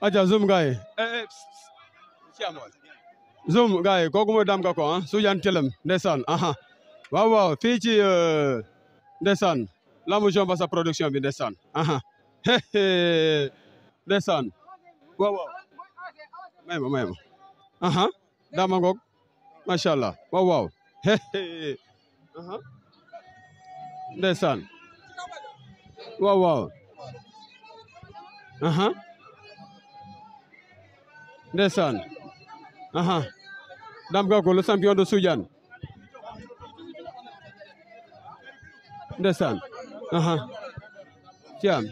aja zoom guy eh zum gai ko kuma dam ka ko su yan telem ndesan aha wow wow fii ci eh, ndesan lamu jomba sa production bi ndesan aha ndesan wow wow may ma may ma aha dama ngoog masha wow wow waaw aha ndesan wow wow aha ndeysaan aha Dame Gackou le champion de Soudiane ndeysaan aha Thiam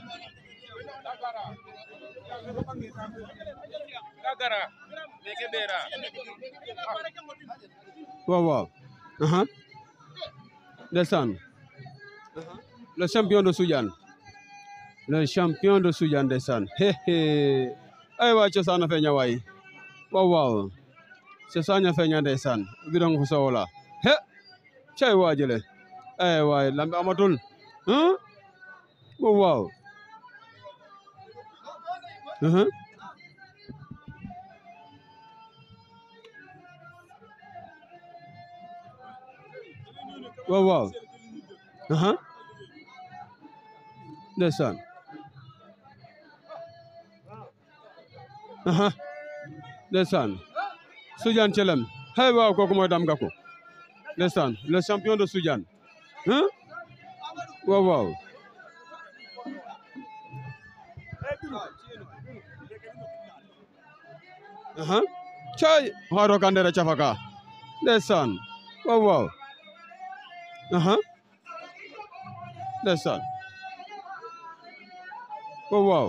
waaw aha ndeysaan le champion de Soudiane le champion de Soudiane ay waay cosaan a feeña waay waaw waaw cosaan a feeña ndeysaan bidong fu soow la he cay waajile ay waay lambe amatul huh waaw waaw uh-huh. waaw waaw ndeysaan uh-huh. aha ndeysaan Soudiane Thielem hey waaw kooku mooy Dame Gakou ndeysaan le champion de Soudiane aha cay haro kandera cafaka ndeysaan waaw aha ndeysaan waaw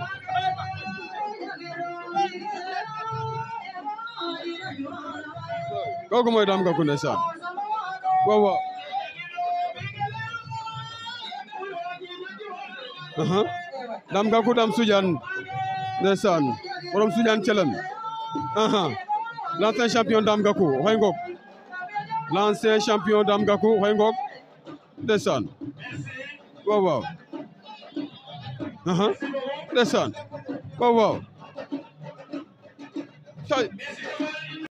kooku mooy Dame Gakoundé Sarr boobu Dame Gakou Dame Soudiane ndeysaan borom Soudiane Thielem l'ancien champion Dame Gakou xoy ngoog l'ancien champion Dame Gakou xoy ngoog ndeysaan waaw waaw ndeysaan waaw waaw